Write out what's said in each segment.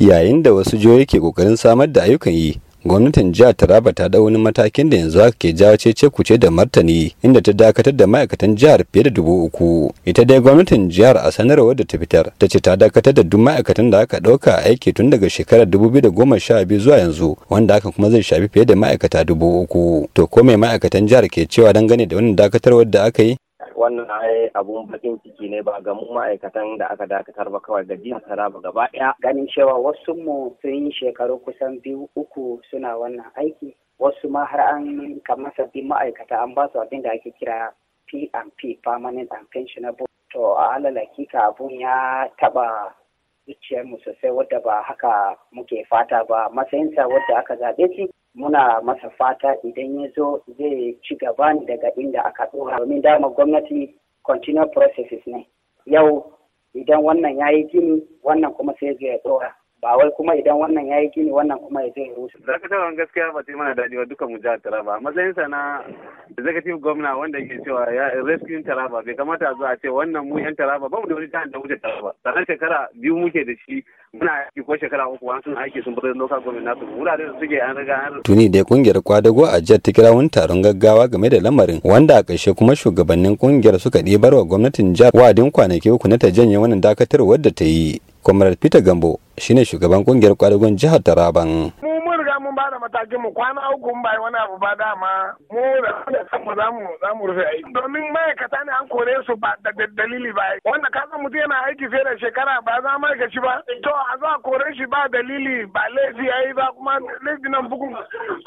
yayin da wasu jihohi ke kokarin samar da ayyukan yi gwamnatin jihar taraba ta dau wani matakin da yanzu haka ke jawo cece kuce da martani inda ta dakatar da ma'aikatan jihar fiye da dubu uku ita dai gwamnatin jihar a sanarwar da ta fitar ta ce ta dakatar da duk ma'aikatan da aka ɗauka aiki tun daga shekarar dubu biyu da goma sha biyu zuwa yanzu wanda hakan kuma zai shafi fiye da ma'aikata dubu uku to ko mai ma'aikatan jihar ke cewa dangane da wannan dakatarwar da aka yi wannan ai abun bakin ciki ne ba ga mu ma'aikatan da aka dakatar ba kawai ga jihar ba gaba ɗaya. Ganin cewa wasu mu sun yi shekaru kusan biyu uku suna wannan aiki wasu ma har an kamar sabbin ma'aikata an ba su abin da ake kira P&P permanent and pensionable to a alalaki abun ya taba zuciyarmu sosai wadda ba haka muke fata ba matsayinsa wadda aka zaɓe shi muna masa fata idan ya zo zai ci gaba daga inda aka tsora domin dama gwamnati continual processes ne yau idan wannan ya yi gini wannan kuma sai zai ɗora ba wai kuma idan wannan ya yi gini wannan kuma ya zai rushe. wani gaskiya ba ta mana daɗi ba duka mu jihar Taraba. Matsayinsa na executive gwamna wanda yake cewa ya rescue Taraba bai kamata a zo a ce wannan mu yan Taraba ba mu da wani jihar da wuce Taraba. Sannan shekara biyu muke da shi muna aiki ko shekara uku wani suna aiki sun bar local government nasu wurare da suke an riga an. Tuni dai kungiyar kwadago a jihar ta kira wani taron gaggawa game da lamarin wanda a ƙarshe kuma shugabannin kungiyar suka ɗebar wa gwamnatin jihar wa'adin kwanaki uku na ta janye wannan dakatarwar da ta yi. Comrade Peter Gambo shine shugaban kungiyar kwadagon jihar Taraban. mun ba da matakin mu kwana uku ba wani abu ba dama mu da kanmu za mu za mu rufe aiki domin ma'aikata ne an kore su ba da dalili ba wanda ka san mutum yana aiki fiye da shekara ba za ma'aikaci ba to a a kore shi ba dalili ba laifi yi ba kuma laifi nan bugun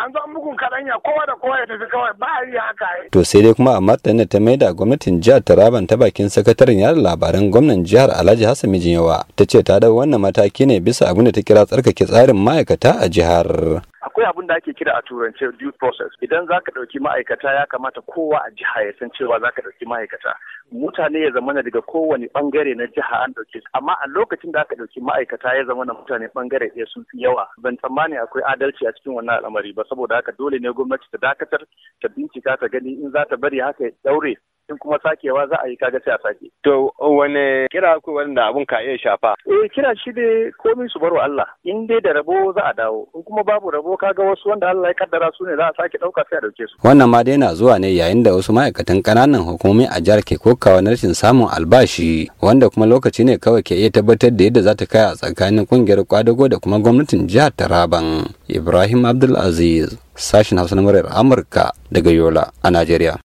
an zo bugun ya kowa da kowa ya tafi kawai ba a yi haka to sai dai kuma amma da ta da gwamnatin jihar Taraban ta bakin sakataren yada labaran gwamnan jihar Alhaji Hassan Mijinyawa ta ce ta dau wannan mataki ne bisa abin da ta kira tsarkake tsarin ma'aikata a jihar akwai abin da ake kira a turance due process idan zaka ɗauki ma'aikata ya kamata kowa a jiha ya san cewa zaka dauki ma'aikata mutane ya zamana daga kowane bangare na jiha an ɗauke su amma a lokacin da aka ɗauki ma'aikata ya zamana mutane bangare ɗaya sun fi yawa ban tsammani akwai adalci a cikin wannan al'amari ba saboda haka dole ne gwamnati ta dakatar ta bincika ta gani in za ta bari haka ya daure. in kuma sakewa za a yi kaga sai a sake. To wane kira ku wanda abun ka iya shafa? Eh kira shi da komi su baro Allah in dai da rabo za a dawo in kuma babu rabo kaga wasu wanda Allah ya kaddara su ne za a sake dauka sai a dauke su. Wannan ma dai na zuwa ne yayin da wasu ma'aikatan kananan hukumomi a jihar ke kokawa na rashin samun albashi wanda kuma lokaci ne kawai ke iya tabbatar da yadda za ta kai a tsakanin kungiyar kwadago da kuma gwamnatin jihar Taraban. Ibrahim Abdulaziz, sashen Hausa na Amurka daga Yola a Najeriya.